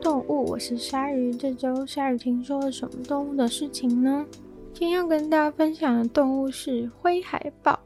動物，我是鯊魚。這周鯊魚聽說了什麼動物的事情呢？今天要跟大家分享的動物是灰海豹。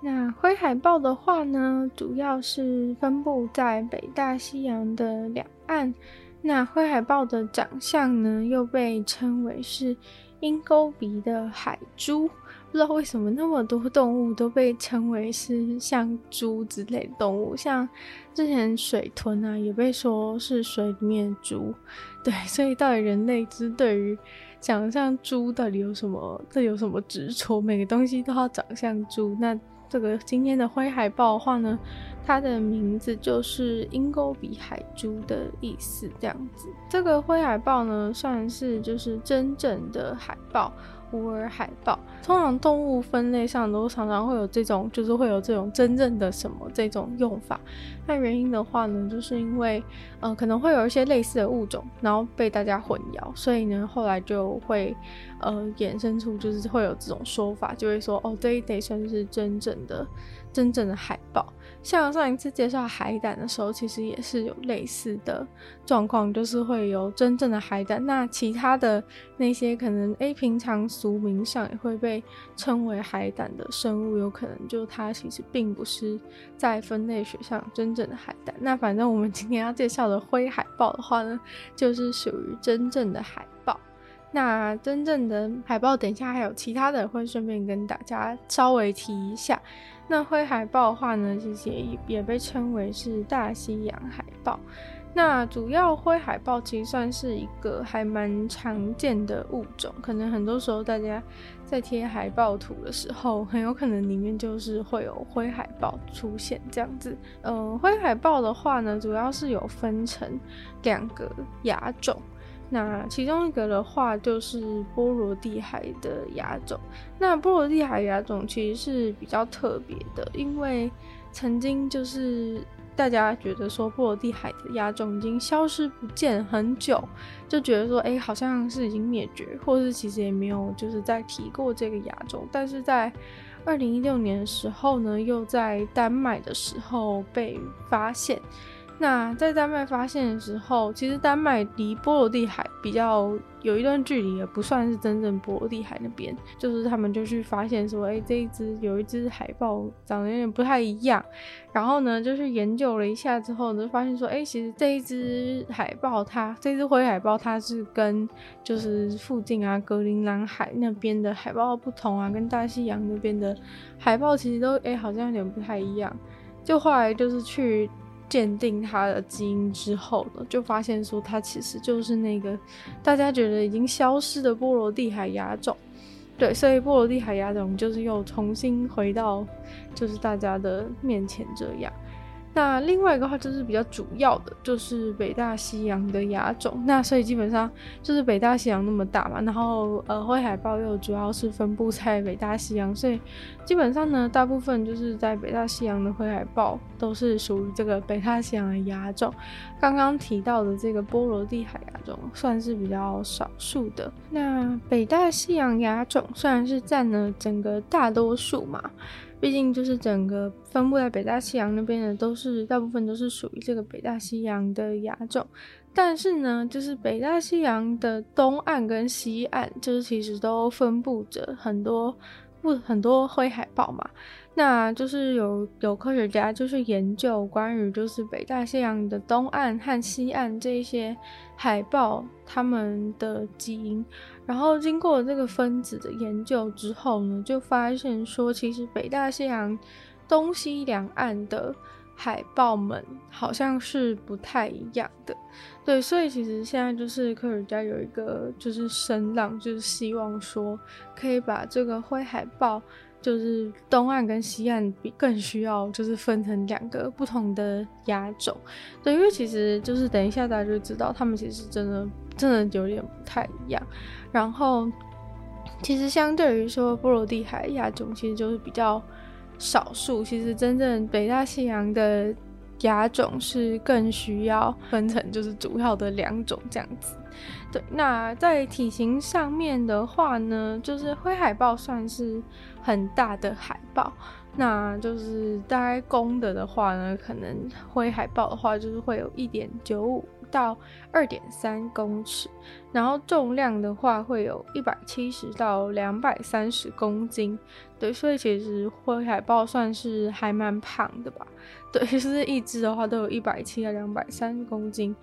那灰海豹的話呢，主要是分布在北大西洋的兩岸。那灰海豹的長相呢，又被稱為是鷹鈎鼻的海豬。不知道為什麼那麼多動物都被稱為是像豬之類的動物，像之前水豚啊，也被說是水裡面的豬。對，所以到底人類之對於長像豬到底有什麼？這有什麼執着？每個東西都要長像豬？那這個今天的灰海豹的話呢，它的名字就是鷹鈎鼻海豬的意思，這樣子。這個灰海豹呢，算是就是真正的海豹。無耳海豹，通常動物分類上都常常會有這種，就是會有這種真正的什麼這種用法。那原因的話呢，就是因為，呃，可能會有一些類似的物種，然後被大家混淆，所以呢，後來就會，呃，衍生出就是會有這種說法，就會說哦，這一類算是真正的真正的海豹。像上一次介紹海膽的時候，其實也是有類似的狀況，就是會有真正的海膽。那其他的那些可能，哎，平常俗名上也會被稱為海膽的生物，有可能就它其實並不是在分類學上真正的海膽。那反正我們今天要介紹的灰海豹的話呢，就是屬於真正的海豹。那真正的海豹，等一下還有其他的，會順便跟大家稍微提一下。那灰海豹的話呢，其實也也被稱為是大西洋海豹。那主要灰海豹其實算是一個還蠻常見的物種，可能很多時候大家在貼海豹圖的時候，很有可能裡面就是會有灰海豹出現這樣子。嗯、呃，灰海豹的話呢，主要是有分成兩個亞種。那其中一個的話就是波羅的海的亞種。那波羅的海亞種其實是比較特別的，因為曾經就是大家覺得說波羅的海的亞種已經消失不見很久，就覺得說哎、欸、好像是已經滅絕，或是其實也沒有就是再提過這個亞種。但是在二零一六年的時候呢，又在丹麥的時候被發現。那在丹麥發現的時候，其實丹麥離波羅的海比較有一段距離，也不算是真正波羅的海那邊。就是他們就去發現說，哎、欸，這一隻有一隻海豹長得有點不太一樣。然後呢，就是研究了一下之後，就發現說，哎、欸，其實這一隻海豹它、它這隻灰海豹，它是跟就是附近啊，格陵蘭海那邊的海豹不同啊，跟大西洋那邊的海豹其實都哎、欸、好像有點不太一樣。就後來就是去鑑定它的基因之後呢，就發現說它其實就是那個大家覺得已經消失的波羅的海亞種，對，所以波羅的海亞種就是又重新回到就是大家的面前這樣。那另外一個話就是比較主要的，就是北大西洋的亞種。那所以基本上就是北大西洋那麼大嘛，然後呃灰海豹又主要是分布在北大西洋，所以基本上呢，大部分就是在北大西洋的灰海豹都是屬於這個北大西洋的亞種。剛剛提到的這個波羅的海亞種算是比較少數的。那北大西洋亞種雖然是佔了整個大多數嘛。畢竟，就是整個分布在北大西洋那邊的，都是大部分都是屬於這個北大西洋的亞種。但是呢，就是北大西洋的東岸跟西岸，就是其實都分布着很多不很多灰海豹嘛。那就是有有科學家就是研究關於就是北大西洋的東岸和西岸這些海豹它們的基因。然後經過這個分子的研究之後呢，就發現說，其實北大西洋東西兩岸的海豹們好像是不太一樣的。對，所以其實現在就是科學家有一個就是聲浪，就是希望說可以把這個灰海豹。就是東岸跟西岸比更需要，就是分成兩個不同的亞種。對，因為其實就是等一下大家就知道，他們其實真的真的有點不太一樣。然後，其實相對於說波羅的海亞種，其實就是比較少數。其實真正北大西洋的亞種是更需要分成，就是主要的兩種這樣子。對，那在體型上面的話呢，就是灰海豹算是很大的海豹，那就是大概公的的話呢，可能灰海豹的話就是會有一點九五到二點三公尺，然後重量的話會有一百七十到兩百三十公斤。對，所以其實灰海豹算是還蠻胖的吧？對，就是一隻的話都有一百七到兩百三十公斤。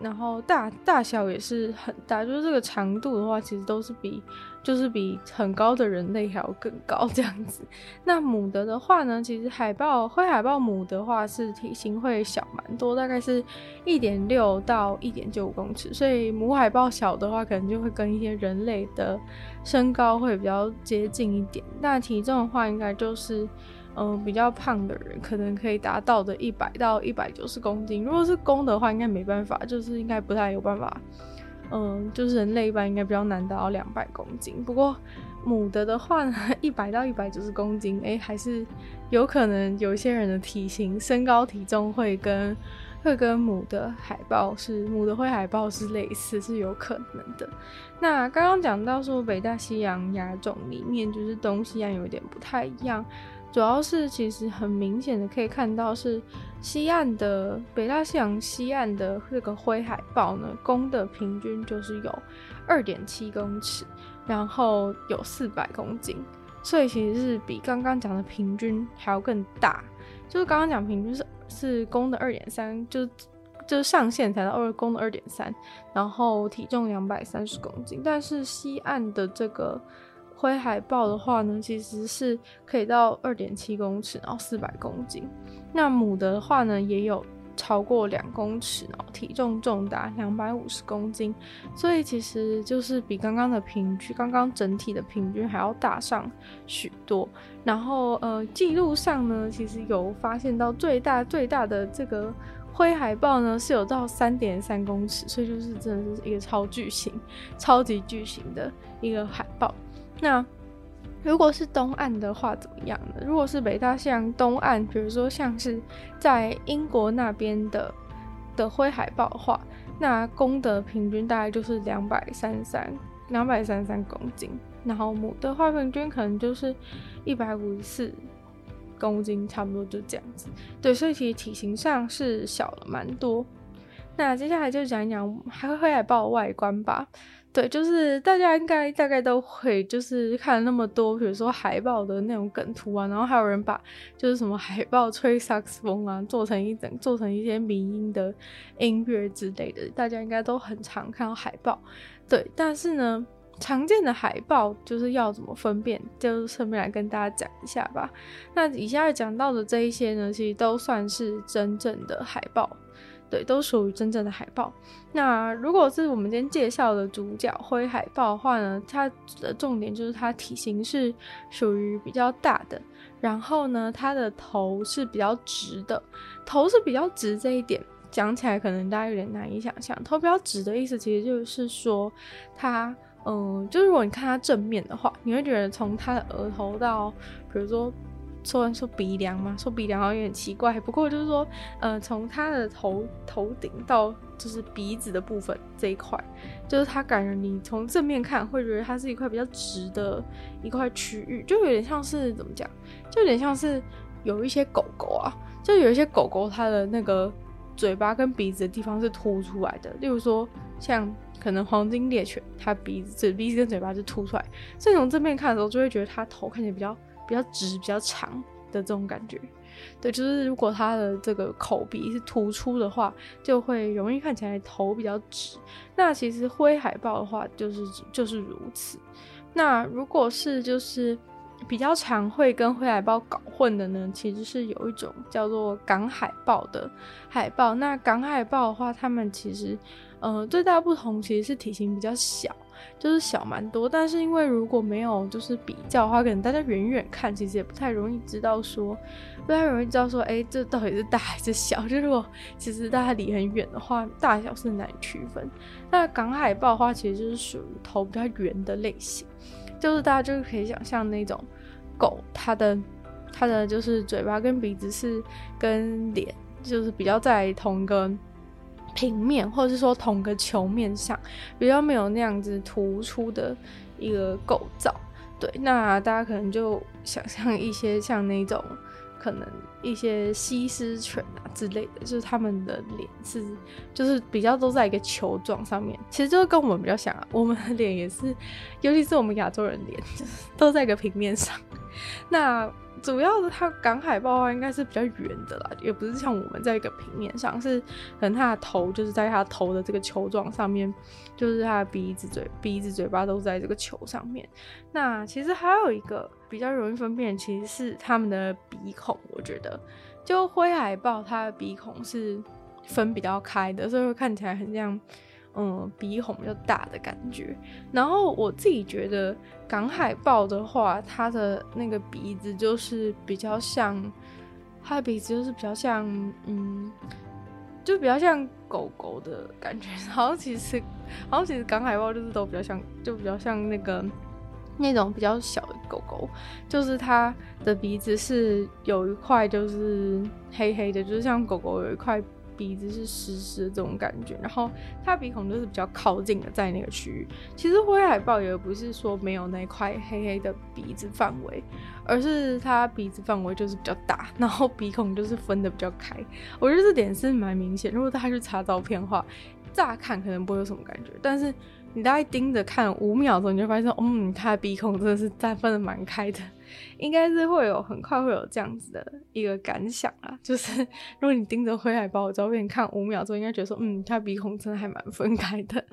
然後大大小也是很大，就是這個長度的話，其實都是比就是比很高的人類還要更高這樣子。那母的的話呢，其實海豹灰海豹母的話是體型會小蠻多，大概是一點六到一點九公尺，所以母海豹小的話，可能就會跟一些人類的身高會比較接近一點。那體重的話，應該就是。嗯，比較胖的人可能可以達到的一百到一百九十公斤。如果是公的話，應該沒辦法，就是應該不太有辦法。嗯，就是人類一般應該比較難達到兩百公斤。不過母的的話呢，一百到一百九十公斤，哎、欸，還是有可能。有一些人的體型、身高、體重會跟會跟母的海豹是母的灰海豹是類似，是有可能的。那剛剛講到說北大西洋亞種裡面，就是東西岸有點不太一樣。主要是其實很明顯的可以看到，是西岸的北大西洋西岸的這個灰海豹呢，公的平均就是有二點七公尺，然後有四百公斤，所以其實是比剛剛講的平均還要更大。就是剛剛講平均是是公的二點三，就就是上限才到二公的二點三，然後體重兩百三十公斤，但是西岸的這個。灰海豹的話呢，其實是可以到二點七公尺，然後四百公斤。那母的話呢，也有超過兩公尺，然後體重重達兩百五十公斤，所以其實就是比剛剛的平均，剛剛整體的平均還要大上許多。然後呃，記錄上呢，其實有發現到最大最大的這個灰海豹呢，是有到三點三公尺，所以就是真的是一個超巨型、超級巨型的一個海豹。那如果是東岸的話，怎麼樣呢？如果是北大西洋東岸，比如說像是在英國那邊的的灰海豹的話，那公的平均大概就是兩百三十三兩百三十三公斤，然後母的話平均可能就是一百五十四公斤，差不多就這樣子。對，所以其實體型上是小了蠻多。那接下來就講一講灰海豹外觀吧。對，就是大家應該大概都會，就是看那麼多，比如說海豹的那種梗圖啊，然後還有人把就是什麼海豹吹薩克斯風啊，做成一整，做成一些迷因的音樂之類的，大家應該都很常看到海豹。對，但是呢，常見的海豹就是要怎麼分辨，就順便來跟大家講一下吧。那以下講到的這一些呢，其實都算是真正的海豹。對，都屬於真正的海豹。那如果是我們今天介紹的主角灰海豹的話呢，它的重點就是它體型是屬於比較大的，然後呢，它的頭是比較直的，頭是比較直這一點講起來可能大家有點難以想象，頭比較直的意思其實就是說它，嗯、呃，就是如果你看它正面的話，你會覺得從它的額頭到，比如說。說完說鼻梁嘛，說鼻梁好像有點奇怪，不過就是說，呃，從他的頭頭頂到就是鼻子的部分這一塊，就是他感覺你從正面看會覺得它是一塊比較直的一塊區域，就有點像是怎麼講？就有點像是有一些狗狗啊，就有一些狗狗它的那個嘴巴跟鼻子的地方是凸出來的，例如說像可能黃金獵犬，它鼻子、鼻子跟嘴巴是凸出來，所以從正面看的時候就會覺得它頭看起來比較。比較直，比較長的這種感覺，對，就是如果它的這個口鼻是突出的話，就會容易看起來頭比較直。那其實灰海豹的話，就是就是如此。那如果是就是比較常會跟灰海豹搞混的呢，其實是有一種叫做港海豹的海豹。那港海豹的話，它們其實呃最大的不同其實是體型比較小。就是小蠻多，但是因為如果沒有就是比較的話，可能大家遠遠看，其實也不太容易知道說，不太容易知道說，哎、欸，這到底是大還是小？就是我其實大家離很遠的話，大小是難以區分。那港海豹的話，其實就是屬於頭比較圓的類型，就是大家就是可以想象那種狗，它的它的就是嘴巴跟鼻子是跟臉就是比較在同一個平面，或者是說同個球面上比較沒有那樣子突出的一個構造，對，那大家可能就想象一些像那種可能一些西施犬啊之類的，就是他們的臉是就是比較都在一個球狀上面，其實就是跟我們比較像啊，我們的臉也是，尤其是我們亞洲人臉，就是都在一個平面上，那。主要的，它港海豹的應該是比較圓的啦，也不是像我們在一個平面上，是可能它的頭就是在它頭的這個球狀上面，就是它的鼻子嘴鼻子嘴巴都在這個球上面。那其實還有一個比較容易分辨，其實是它們的鼻孔，我覺得，就灰海豹它的鼻孔是分比較開的，所以會看起來很像。嗯，鼻孔比較大的感覺。然後我自己覺得，港海豹的話，它的那個鼻子就是比較像，它的鼻子就是比較像，嗯，就比較像狗狗的感覺。好像其實，好像其實港海豹就是都比較像，就比較像那個那種比較小的狗狗，就是它的鼻子是有一塊就是黑黑的，就是像狗狗有一塊。鼻子是濕濕的這種感覺，然後他鼻孔就是比較靠近的在那個區域。其實灰海豹也不是說沒有那塊黑黑的鼻子範圍，而是他鼻子範圍就是比較大，然後鼻孔就是分的比較開。我覺得這點是蠻明顯。如果他去查照片的話，乍看可能不會有什麼感覺，但是你大概盯着看五秒鐘，你就發現，嗯，他的鼻孔真的是在分的蠻開的。應該是會有很快會有這樣子的一個感想啦、啊，就是如果你盯着灰海豹的照片看五秒鐘，應該覺得說，嗯，它鼻孔真的還蠻分開的。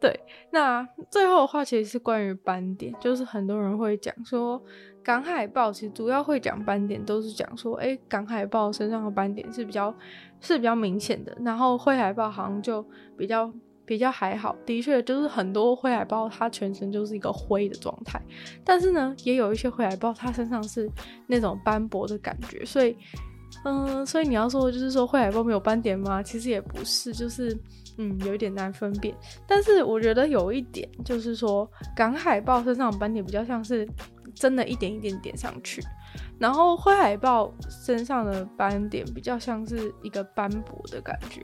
對，那最後的話其實是關於斑點，就是很多人會講說，港海豹其實主要會講斑點，都是講說，誒、欸，港海豹身上的斑點是比較是比較明顯的，然後灰海豹好像就比較。比較還好的，的確就是很多灰海豹，它全身就是一個灰的狀態。但是呢，也有一些灰海豹，它身上是那種斑駁的感覺。所以，嗯、呃，所以你要說就是說灰海豹沒有斑點嗎？其實也不是，就是嗯，有一點難分辨。但是我覺得有一點就是說，港海豹身上的斑點比較像是真的，一點一點點上去。然後灰海豹身上的斑點比較像是一個斑駁的感覺。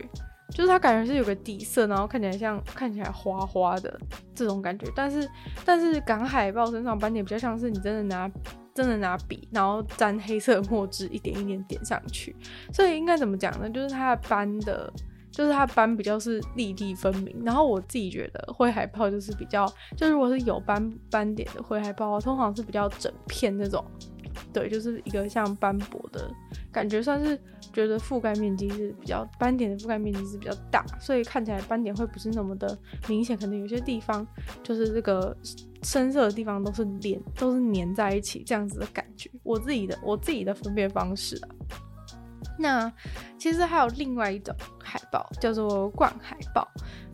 就是它感覺是有個底色，然後看起來像看起來花花的這種感覺，但是但是港海豹身上斑點比較像是你真的拿真的拿筆，然後沾黑色的墨汁一點一點點上去，所以應該怎麼講呢？就是它的斑的，就是它斑比較是粒粒分明，然後我自己覺得灰海豹就是比較，就如果是有斑斑點的灰海豹，通常是比較整片那種，對，就是一個像斑駁的。感覺算是覺得覆蓋面積是比較斑點的覆蓋面積是比較大，所以看起來斑點會不是那麼的明顯。可能有些地方就是這個深色的地方都是黏都是粘在一起這樣子的感覺。我自己的我自己的分辨方式啊。那其實還有另外一種海豹叫做冠海豹。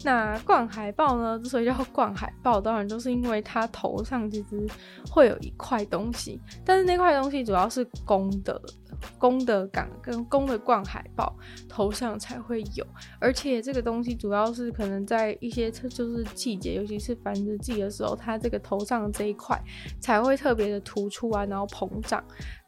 那冠海豹呢，之所以叫冠海豹，當然就是因為它頭上其實會有一塊東西，但是那塊東西主要是公的，公的冠跟公的冠海豹頭上才會有，而且這個東西主要是可能在一些就是季節，尤其是繁殖季的時候，它這個頭上這一塊才會特別的突出啊，然後膨脹。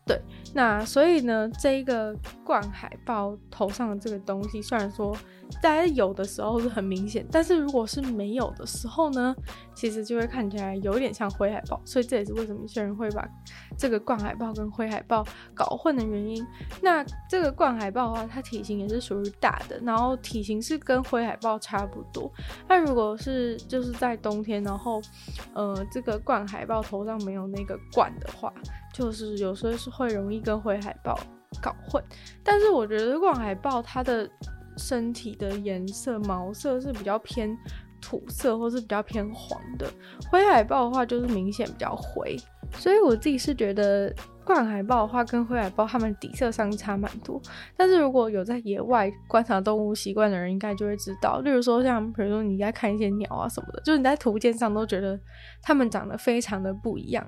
對，那所以呢，這一個冠海豹頭上的這個東西，雖然說大家有的時候是很明顯，但是如果是沒有的時候呢，其實就會看起來有點像灰海豹，所以這也是為什麼一些人會把這個冠海豹跟灰海豹搞混的原因。那這個冠海豹的話，它體型也是屬於大的，然後體型是跟灰海豹差不多。那如果是就是在冬天，然後呃，這個冠海豹頭上沒有那個冠的話，就是有時候是會容易跟灰海豹搞混，但是我覺得冠海豹它的身體的顏色毛色，是比較偏土色或是比較偏黃的，灰海豹的話就是明顯比較灰，所以我自己是覺得冠海豹的話跟灰海豹它們底色相差蠻多。但是如果有在野外觀察動物習慣的人，應該就會知道，例如說像比如說你在看一些鳥啊什麼的，就是你在圖鑑上都覺得它們長得非常的不一樣。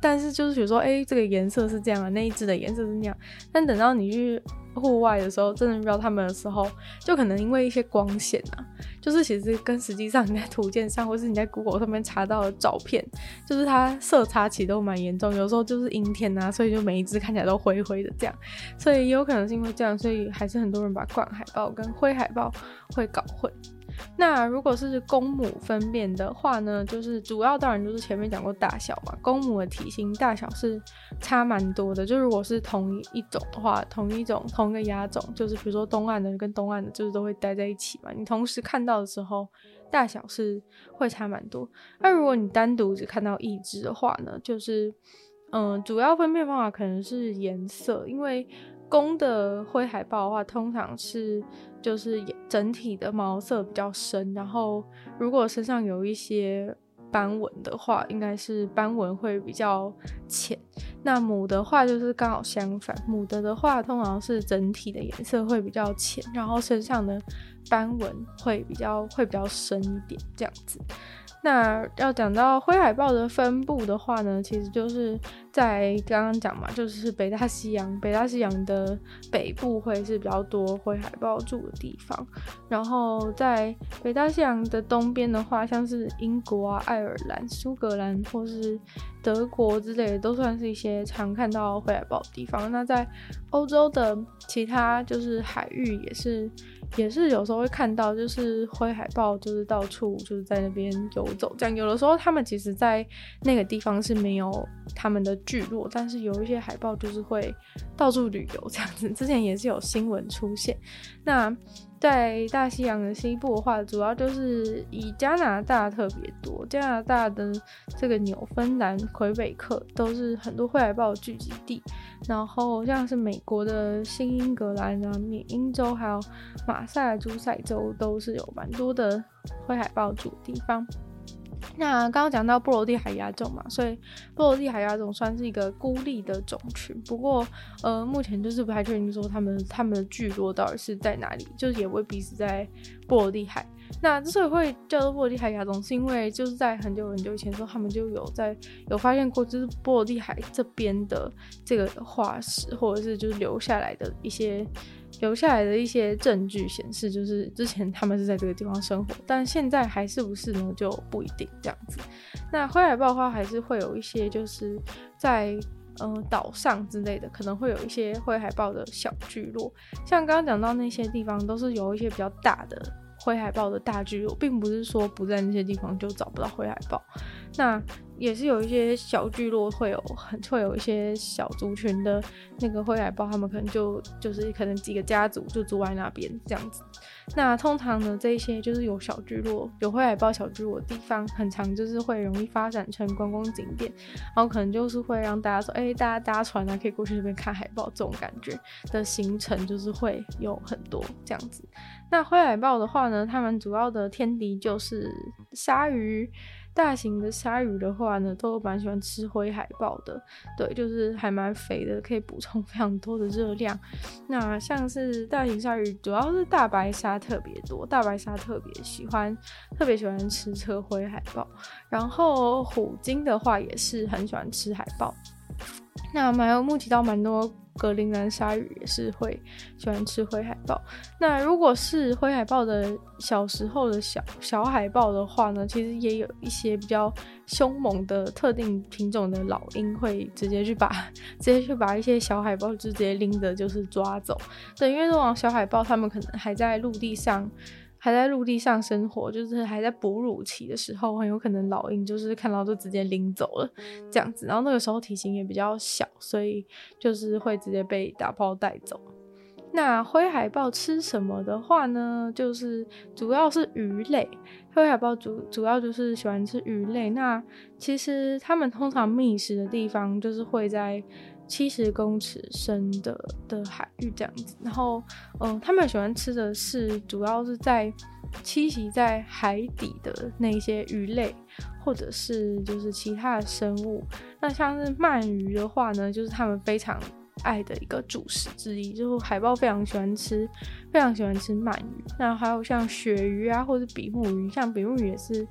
但是就是比如說，哎、欸，這個顏色是這樣，啊、那一隻的顏色是那樣。但等到你去戶外的時候，真的遇到它們的時候，就可能因為一些光線啊，就是其實跟實際上你在圖鑑上或是你在 Google 上面查到的照片，就是它色差其實都蠻嚴重。有時候就是陰天啊，所以就每一隻看起來都灰灰的這樣。所以也有可能是因為這樣，所以還是很多人把冠海豹跟灰海豹會搞混。那如果是公母分辨的話呢，就是主要當然就是前面講過大小嘛，公母的體型大小是差蠻多的。就如果是同一種的話，同一種同一個亞種，就是比如說東岸的跟東岸的，就是都會待在一起嘛。你同時看到的時候，大小是會差蠻多。那如果你單獨只看到一隻的話呢，就是嗯，主要分辨的方法可能是顏色，因為公的灰海豹的話，通常是。就是整體的毛色比較深，然後如果身上有一些斑紋的話，應該是斑紋會比較淺。那母的話就是剛好相反，母的的話通常是整體的顏色會比較淺，然後身上的斑紋會比較會比較深一點，這樣子。那要講到灰海豹的分佈的話呢，其實就是。在剛剛講嘛，就是北大西洋，北大西洋的北部會是比較多灰海豹住的地方。然後在北大西洋的東邊的話，像是英國啊、愛爾蘭、蘇格蘭或是德國之類的，都算是一些常看到灰海豹的地方。那在歐洲的其他就是海域，也是也是有時候會看到，就是灰海豹就是到處就是在那邊游走這樣。有的時候他們其實在那個地方是沒有他們的聚落，但是有一些海豹就是會到處旅遊這樣子。之前也是有新聞出現。那在大西洋的西部的話，主要就是以加拿大特別多，加拿大的這個紐芬蘭、魁北克都是很多灰海豹聚集地。然後像是美國的新英格蘭、啊、緬因州，還有馬薩諸塞州，都是有蠻多的灰海豹住的地方。那剛剛講到波羅的海亞種嘛，所以波羅的海亞種算是一個孤立的種群。不過，呃，目前就是不太確定說他們他們的聚落到底是在哪裡，就也是也未必是在波羅的海。那之所以會叫做波羅的海亞種，是因為就是在很久很久以前的時候，他們就有在有發現過，就是波羅的海這邊的這個化石，或者是就是留下來的一些。留下來的一些證據顯示，就是之前他們是在這個地方生活，但現在還是不是呢，就不一定這樣子。那灰海豹的話，還是會有一些就是在，呃，島上之類的，可能會有一些灰海豹的小聚落。像剛剛講到那些地方，都是有一些比較大的灰海豹的大聚落，並不是說不在那些地方就找不到灰海豹。那也是有一些小聚落會有很會有一些小族群的那個灰海豹，他們可能就就是可能幾個家族就住在那邊這樣子。那通常呢，這一些就是有小聚落、有灰海豹小聚落的地方，很常就是會容易發展成觀光景點，然後可能就是會讓大家說，哎、欸，大家搭船啊，可以過去那邊看海豹這種感覺的行程，就是會有很多這樣子。那灰海豹的話呢，它們主要的天敵就是鯊魚。大型的鯊魚的話呢，都蠻喜歡吃灰海豹的。對，就是還蠻肥的，可以補充非常多的熱量。那像是大型鯊魚，主要是大白鯊特別多，大白鯊特別喜歡，特別喜歡吃這個灰海豹。然後虎鯨的話也是很喜歡吃海豹。那蠻有目擊到蠻多。格林蘭鯊魚也是會喜歡吃灰海豹。那如果是灰海豹的小時候的小小海豹的話呢，其實也有一些比較凶猛的特定品種的老鷹會直接去把直接去把一些小海豹就直接拎着就是抓走。等於那種小海豹它們可能還在陸地上。還在陸地上生活，就是還在哺乳期的時候，很有可能老鷹就是看到就直接拎走了這樣子。然後那個時候體型也比較小，所以就是會直接被打包帶走。那灰海豹吃什麼的話呢？就是主要是魚類，灰海豹主主要就是喜歡吃魚類。那其實它們通常覓食的地方就是會在。七十公尺深的的海域，這樣子，然後，嗯、呃，他們喜歡吃的是主要是在，棲息在海底的那些魚類，或者是就是其他的生物。那像是鰻魚的話呢，就是他們非常愛的一個主食之一，就是海豹非常喜歡吃。非常喜歡吃鰻魚，那還有像鱈魚啊，或者是比目魚，像比目魚也是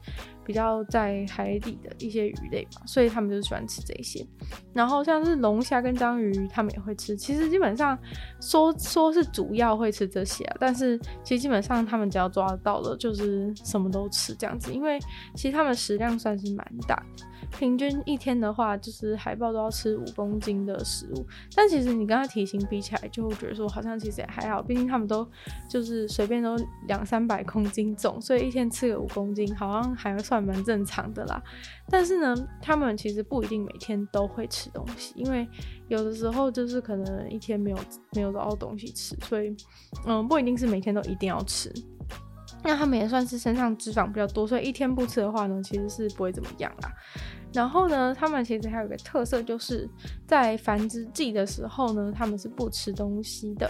比較在海底的一些魚類嘛，所以他們就喜歡吃這些。然後像是龍蝦跟章魚，他們也會吃。其實基本上說說是主要會吃這些，啊，但是其實基本上他們只要抓到了，就是什麼都吃這樣子。因為其實他們食量算是蠻大的，平均一天的話，就是海豹都要吃五公斤的食物。但其實你跟它體型比起來，就覺得說好像其實也還好，畢竟他們都。就是隨便都兩三百公斤重，所以一天吃個五公斤好像還算蠻正常的啦。但是呢，他們其實不一定每天都會吃東西，因為有的時候就是可能一天沒有沒有找到東西吃，所以嗯，不一定是每天都一定要吃。那他們也算是身上脂肪比較多，所以一天不吃的話呢，其實是不會怎麼樣啦。然後呢，他們其實還有一個特色，就是在繁殖季的時候呢，他們是不吃東西的。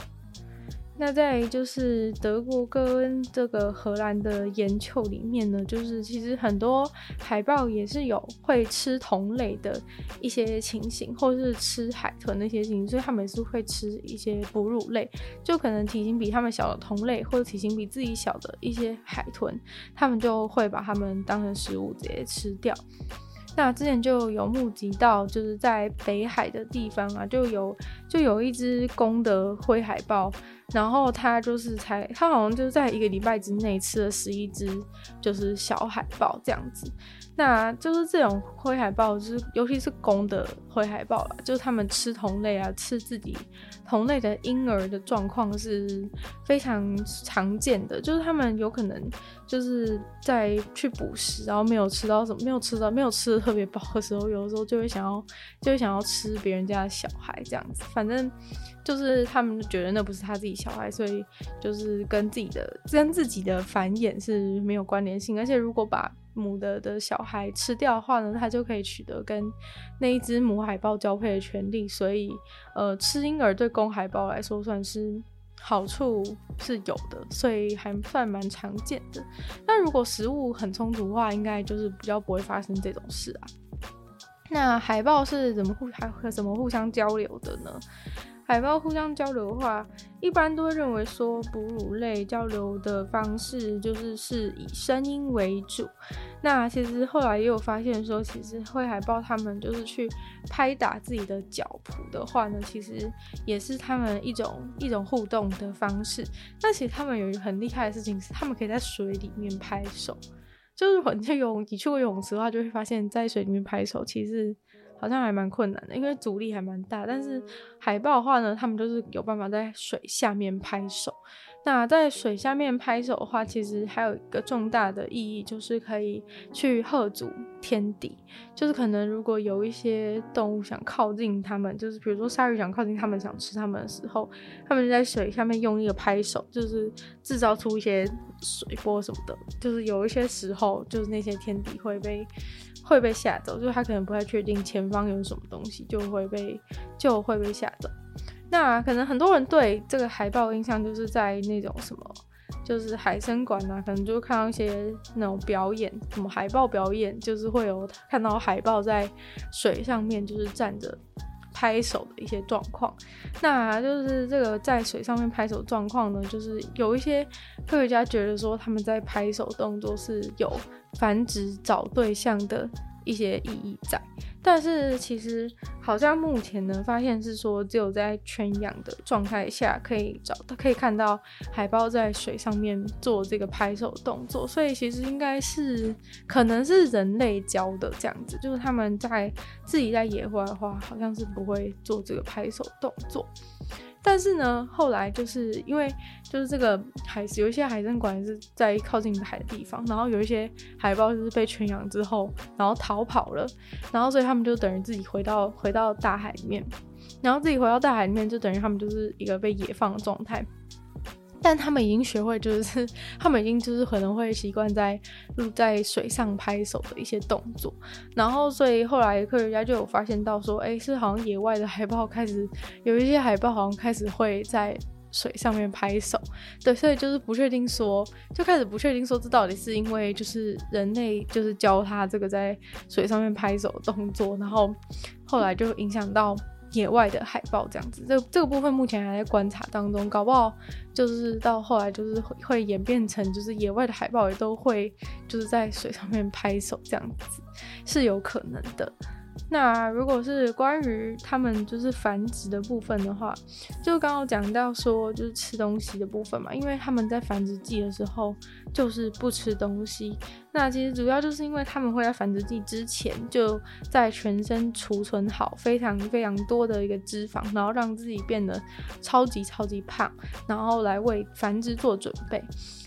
那在就是德國跟這個荷蘭的研究裡面呢，就是其實很多海豹也是有會吃同類的一些情形，或是吃海豚那些情形，所以他們也是會吃一些哺乳類，就可能體型比他們小的同類，或者體型比自己小的一些海豚，他們就會把它們當成食物直接吃掉。那之前就有目擊到，就是在北海的地方啊，就有就有一隻公的灰海豹，然後它就是才，它好像就是在一個禮拜之內吃了十一隻，就是小海豹這樣子。那就是這種灰海豹，就是尤其是公的灰海豹吧，就是他們吃同類啊，吃自己同類的嬰兒的狀況是非常常見的。就是他們有可能就是在去捕食，然後沒有吃到什麼，沒有吃到，沒有吃的特別飽的時候，有的時候就會想要，就會想要吃別人家的小孩這樣子。反正就是他們覺得那不是他自己小孩，所以就是跟自己的跟自己的繁衍是沒有關聯性。而且如果把母的的小孩吃掉的話呢，它就可以取得跟那一隻母海豹交配的權利。所以，呃，吃嬰兒對公海豹來說算是好處是有的，所以還算蠻常見的。但如果食物很充足的話，應該就是比較不會發生這種事啊。那海豹是怎麼互還怎麼互相交流的呢？海豹互相交流的話，一般都會認為說哺乳類交流的方式就是是以聲音為主。那其實後來也有發現說，其實灰海豹他們就是去拍打自己的腳蹼，的話呢，其實也是他們一種一種互動的方式。那其實他們有一個很厲害的事情是，他們可以在水裡面拍手。就是如果你有你去過泳池的話，就會發現，在水裡面拍手其實。好像還蠻困難的，因為阻力還蠻大。但是海豹的話呢，他們就是有辦法在水下面拍手。那在水下面拍手的話，其實還有一個重大的意義，就是可以去嚇阻天敵。就是可能如果有一些動物想靠近它們，就是比如說鯊魚想靠近它們想吃它們的時候，他們就在水下面用一個拍手，就是制造出一些水波什麼的。就是有一些時候，就是那些天敵會被。會被嚇走，就是他可能不太確定前方有什麼東西，就會被就會被嚇走。那可能很多人對這個海豹印象，就是在那種什麼，就是海生館啊，可能就看到一些那種表演，什麼海豹表演，就是會有看到海豹在水上面就是站着。拍手的一些狀況，那就是這個在水上面拍手狀況呢，就是有一些科學家覺得說他們在拍手動作是有繁殖找對象的一些意義在，但是其實。好像目前呢，發現是說只有在圈養的狀態下可以找到，可以看到海豹在水上面做這個拍手動作，所以其實應該是可能是人類教的這樣子，就是他們在自己在野外的話，好像是不會做這個拍手動作。但是呢，後來就是因為就是這個海，有一些海參館是在靠近海的地方，然後有一些海豹就是被圈養之後，然後逃跑了，然後所以他們就等於自己回到回到大海裡面，然後自己回到大海裡面就等於他們就是一個被野放的狀態。但他們已經學會，就是他們已經就是可能會習慣在在水上拍手的一些動作，然後所以後來科學家就有發現到說，誒、欸，是好像野外的海豹開始有一些海豹好像開始會在水上面拍手，對，所以就是不確定說就開始不確定說這到底是因為就是人類就是教他這個在水上面拍手的動作，然後後來就影響到。野外的海豹這樣子，這這個部分目前還在觀察當中，搞不好就是到後來就是會演變成，就是野外的海豹也都會就是在水上面拍手這樣子，是有可能的。那如果是關於他們就是繁殖的部分的話，就剛剛講到說就是吃東西的部分嘛，因為他們在繁殖季的時候就是不吃東西。那其實主要就是因為他們會在繁殖季之前就在全身儲存好非常非常多的一個脂肪，然後讓自己變得超級超級胖，然後來為繁殖做準備。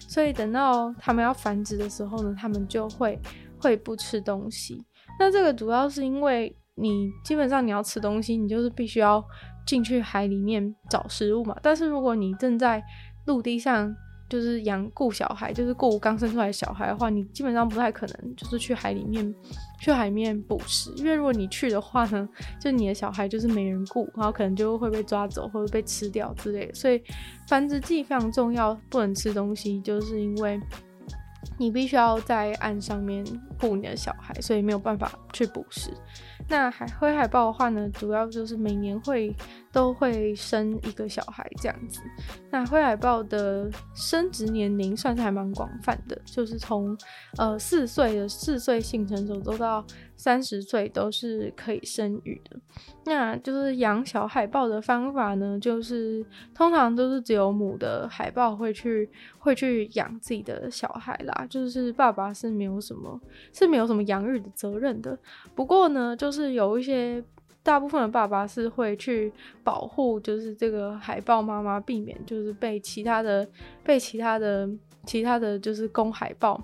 所以等到他們要繁殖的時候呢，他們就會會不吃東西。那這個主要是因為，你基本上你要吃東西，你就是必須要進去海裡面找食物嘛。但是如果你正在陸地上，就是養顧小孩，就是顧剛生出來的小孩的話，你基本上不太可能就是去海裡面去海面捕食，因為如果你去的話呢，就你的小孩就是沒人顧，然後可能就會被抓走或者被吃掉之類的。所以繁殖季非常重要，不能吃東西，就是因為你必須要在岸上面，護你的小孩，所以沒有辦法去捕食。那海灰海豹的話呢，主要就是每年會都會生一個小孩這樣子。那灰海豹的生殖年齡算是還蠻廣泛的，就是從呃四歲的四歲性成熟，都到三十歲都是可以生育的。那就是養小海豹的方法呢，就是通常都是只有母的海豹會去會去養自己的小孩啦，就是爸爸是沒有什麼。是沒有什麼養育的責任的。不過呢，就是有一些大部分的爸爸是會去保護，就是這個海豹媽媽，避免就是被其他的、被其他的、其他的就是公海豹，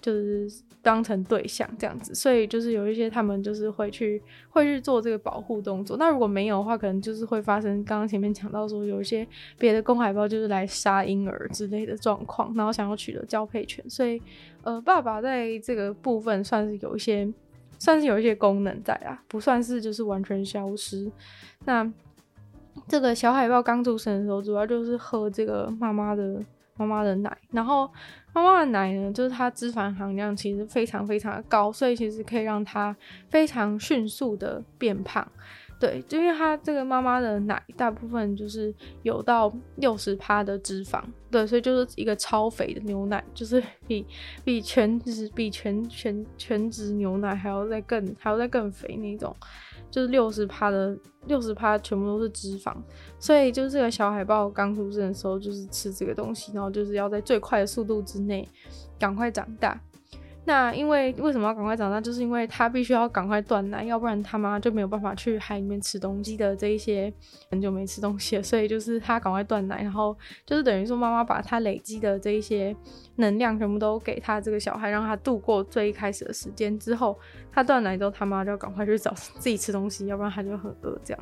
就是。當成對象這樣子，所以就是有一些他們就是會去會去做這個保護動作。那如果沒有的話，可能就是會發生剛剛前面講到說有一些別的公海豹就是來殺嬰兒之類的狀況，然後想要取得交配權。所以，呃，爸爸在這個部分算是有一些算是有一些功能在啦，不算是就是完全消失。那這個小海豹剛出生的時候，主要就是喝這個媽媽的。媽媽的奶，然後媽媽的奶呢，就是它脂肪含量其實非常非常的高，所以其實可以讓它非常迅速的變胖。對，就因為它這個媽媽的奶大部分就是有到六十趴的脂肪，對，所以就是一個超肥的牛奶，就是比比全脂比全全全脂牛奶還要再更還要再更肥那一種。就是六十趴的，六十趴全部都是脂肪，所以就是這個小海豹剛出生的時候就是吃這個東西，然後就是要在最快的速度之內趕快長大。那因為為什麼要趕快長大，就是因為他必須要趕快斷奶，要不然他媽就沒有辦法去海裡面吃東西的這一些，很久沒吃東西了，所以就是他趕快斷奶，然後就是等於說媽媽把他累積的這一些能量全部都給他這個小孩，讓他度過最一開始的時間之後，他斷奶之後他媽就要趕快去找自己吃東西，要不然他就很餓這樣。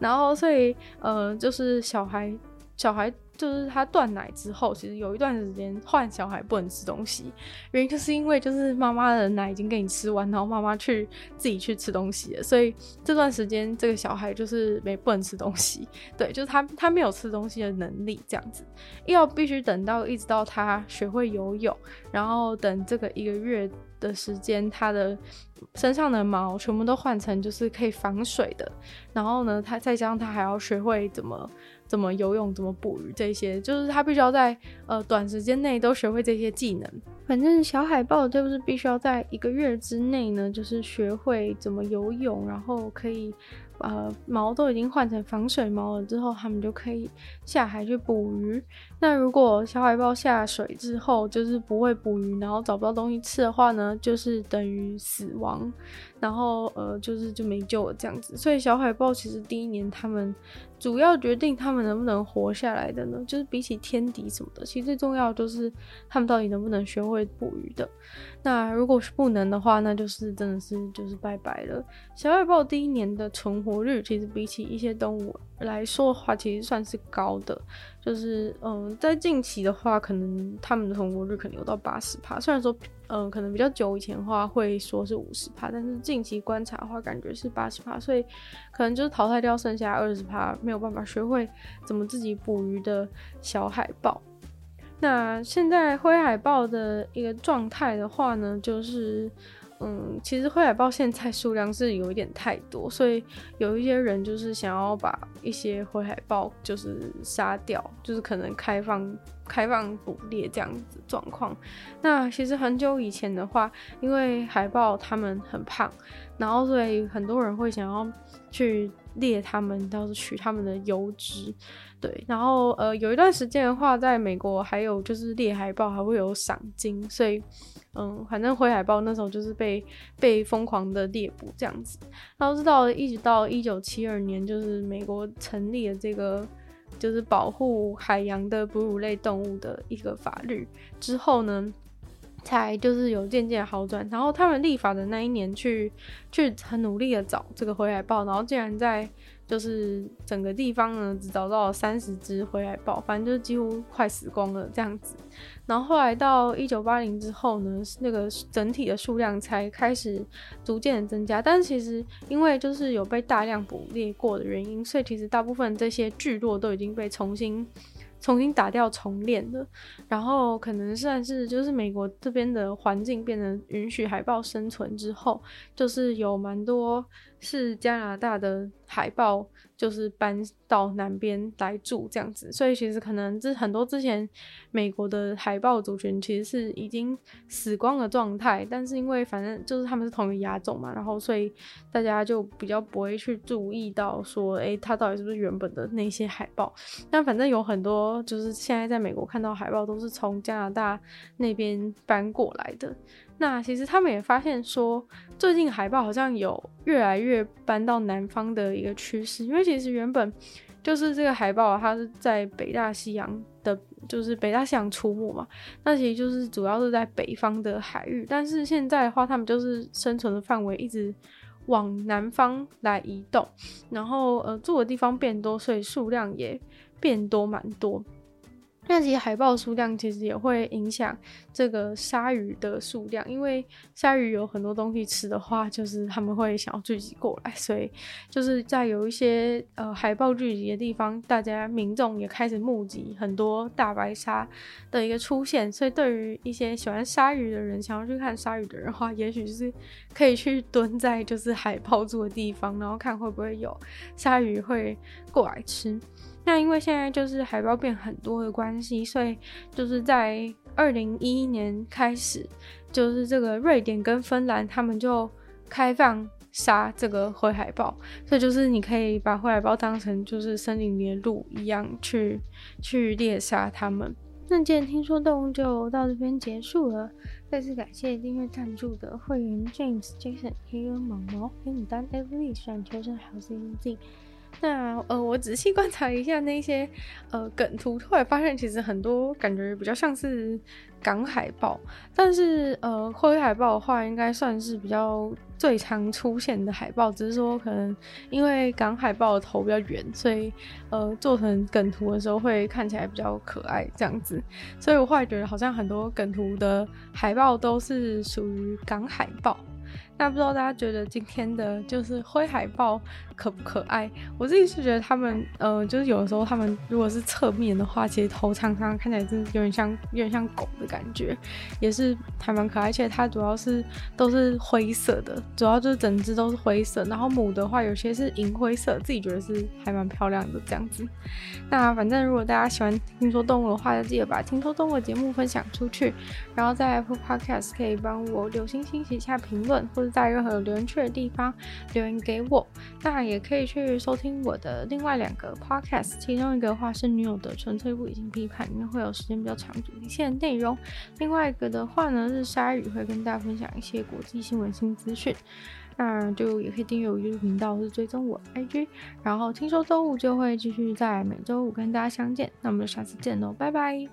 然後所以呃就是小孩。小孩就是他斷奶之後，其實有一段時間換小孩不能吃東西，原因就是因為就是媽媽的奶已經給你吃完，然後媽媽去自己去吃東西了，所以這段時間這個小孩就是沒不能吃東西。對，就是他他沒有吃東西的能力這樣子，要必須等到一直到他學會游泳，然後等這個一個月的時間，他的身上的毛全部都換成就是可以防水的，然後呢，他再加上他還要學會怎麼。怎麼游泳，怎麼捕魚，這些就是他必須要在呃短時間內都學會這些技能。反正小海豹就是必須要在一個月之內呢，就是學會怎麼游泳，然後可以，把，呃，毛都已經換成防水毛了之後，他們就可以下海去捕魚。那如果小海豹下水之後就是不會捕魚，然後找不到東西吃的話呢，就是等於死亡，然後呃就是就沒救了這樣子。所以小海豹其實第一年他們主要決定他們能不能活下來的呢，就是比起天敵什麼的，其實最重要的就是他們到底能不能學會捕魚的。那如果是不能的話，那就是真的是就是拜拜了。小海豹第一年的存活率，其實比起一些動物，來說的話，其實算是高的，就是嗯，在近期的話，可能他們的存活率可能有到八十趴。雖然說，嗯，可能比較久以前的話會說是五十趴，但是近期觀察的話，感覺是八十趴，所以可能就是淘汰掉剩下二十趴，沒有辦法學會怎麼自己捕魚的小海豹。那現在灰海豹的一個狀態的話呢，就是。嗯，其實灰海豹現在數量是有一點太多，所以有一些人就是想要把一些灰海豹就是殺掉，就是可能開放開放捕獵這樣子狀況。那其實很久以前的話，因為海豹他們很胖。然後，所以很多人會想要去獵它們，倒是取它們的油脂。對，然後呃，有一段時間的話，在美國還有就是獵海豹還會有賞金，所以嗯、呃，反正灰海豹那時候就是被被瘋狂的獵捕這樣子。然後直到一直到一九七二年，就是美國成立了這個就是保護海洋的哺乳類動物的一個法律之後呢。才就是有漸漸好轉，然後他們立法的那一年去去很努力的找這個灰海豹，然後竟然在就是整個地方呢，只找到了三十隻灰海豹，反正就是幾乎快死光了這樣子。然後後來到一九八零之後呢，那個整體的數量才開始逐漸的增加，但是其實因為就是有被大量捕獵過的原因，所以其實大部分這些聚落都已經被重新。重新打掉重練的，然後可能算是就是美國這邊的環境變得允許海豹生存之後，就是有蠻多。是加拿大的海豹，就是搬到南邊來住這樣子，所以其實可能這很多之前美國的海豹族群其實是已經死光的狀態，但是因為反正就是他們是同一亞種嘛，然後所以大家就比較不會去注意到說，誒、欸，它到底是不是原本的那些海豹？但反正有很多就是現在在美國看到海豹都是從加拿大那邊搬過來的。那其實他們也發現說，最近海豹好像有越來越搬到南方的一個趨勢。因為其實原本就是這個海豹，它是在北大西洋的，就是北大西洋出沒嘛。那其實就是主要是在北方的海域，但是現在的話，它們就是生存的範圍一直往南方來移動，然後呃住的地方變多，所以數量也變多蠻多。那其實海豹數量其實也會影響這個鯊魚的數量，因為鯊魚有很多東西吃的話，就是他們會想要聚集過來，所以就是在有一些呃海豹聚集的地方，大家民眾也開始目擊很多大白鯊的一個出現。所以對於一些喜歡鯊魚的人，想要去看鯊魚的人的話，也許是可以去蹲在就是海豹住的地方，然後看會不會有鯊魚會過來吃。那因為現在就是海豹變很多的關係，所以就是在二零一一年開始，就是這個瑞典跟芬蘭他們就開放殺這個灰海豹，所以就是你可以把灰海豹當成就是森林裡的鹿一樣去去獵殺它們。那今天聽說動物就到這邊結束了，再次感謝訂閱贊助的會員 James Jason Heo 毛毛、給你丹、every 選調整好音質。那呃，我仔細觀察一下那些呃梗圖，突然發現其實很多感覺比較像是港海豹，但是呃灰海豹的話，應該算是比較最常出現的海豹。只是說可能因為港海豹的頭比較圓，所以呃做成梗圖的時候會看起來比較可愛這樣子。所以我後來覺得好像很多梗圖的海豹都是屬於港海豹。那不知道大家覺得今天的就是灰海豹可不可愛？我自己是覺得它們，呃就是有的時候它們如果是側面的話，其實頭長長看起來是有點像有點像狗的感覺，也是還蠻可愛。而且它主要是都是灰色的，主要就是整隻都是灰色。然後母的話有些是銀灰色，自己覺得是還蠻漂亮的這樣子。那反正如果大家喜歡聽說動物的話，就記得把聽說動物的節目分享出去。然後在 Apple Podcast 可以幫我留星星、寫一下評論或。在任何有留言區的地方留言給我，當然也可以去收聽我的另外兩個 podcast，其中一個話是女友的純粹不理性批判，裡面會有時間比較長主線的內容；另外一個的話呢是鯊魚會跟大家分享一些國際新聞新資訊，那就也可以訂閱我的 YouTube 頻道或是追蹤我 IG，然後聽說周五就會繼續在每周五跟大家相見，那我們就下次見嘍，拜拜。